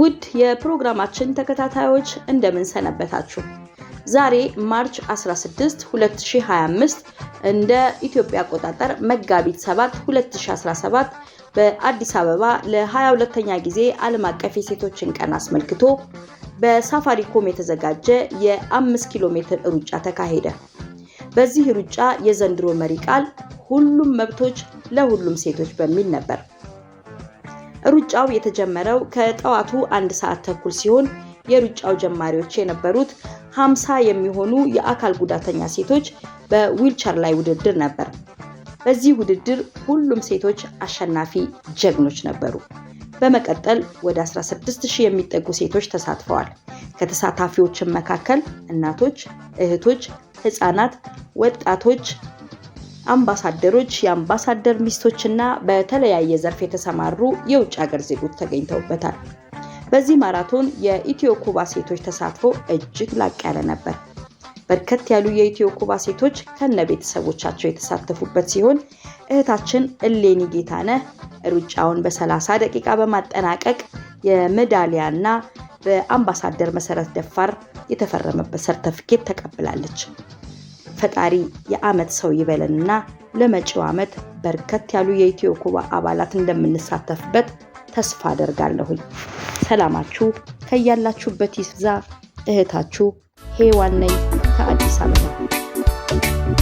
ውድ የፕሮግራማችን ተከታታዮች እንደምን ሰነበታችሁ። ዛሬ ማርች 16 2025 እንደ ኢትዮጵያ አቆጣጠር መጋቢት 7 2017 በአዲስ አበባ ለ22ኛ ጊዜ ዓለም አቀፍ የሴቶችን ቀን አስመልክቶ በሳፋሪኮም የተዘጋጀ የ5 ኪሎ ሜትር ሩጫ ተካሄደ። በዚህ ሩጫ የዘንድሮ መሪ ቃል ሁሉም መብቶች ለሁሉም ሴቶች በሚል ነበር። ሩጫው የተጀመረው ከጠዋቱ አንድ ሰዓት ተኩል ሲሆን የሩጫው ጀማሪዎች የነበሩት 50 የሚሆኑ የአካል ጉዳተኛ ሴቶች በዊልቸር ላይ ውድድር ነበር። በዚህ ውድድር ሁሉም ሴቶች አሸናፊ ጀግኖች ነበሩ። በመቀጠል ወደ 16000 የሚጠጉ ሴቶች ተሳትፈዋል። ከተሳታፊዎችም መካከል እናቶች፣ እህቶች፣ ህጻናት፣ ወጣቶች አምባሳደሮች፣ የአምባሳደር ሚስቶችና በተለያየ ዘርፍ የተሰማሩ የውጭ ሀገር ዜጎች ተገኝተውበታል። በዚህ ማራቶን የኢትዮ ኩባ ሴቶች ተሳትፎ እጅግ ላቅ ያለ ነበር። በርከት ያሉ የኢትዮ ኩባ ሴቶች ከነ ቤተሰቦቻቸው የተሳተፉበት ሲሆን እህታችን እሌኒ ጌታነህ ሩጫውን በ30 ደቂቃ በማጠናቀቅ የሜዳሊያና በአምባሳደር መሰረት ደፋር የተፈረመበት ሰርተፍኬት ተቀብላለች። ፈጣሪ የአመት ሰው ይበለንና ለመጪው አመት በርከት ያሉ የኢትዮ ኩባ አባላት እንደምንሳተፍበት ተስፋ አደርጋለሁኝ። ሰላማችሁ ከያላችሁበት ይብዛ። እህታችሁ ሄዋን ነኝ ከአዲስ አበባ።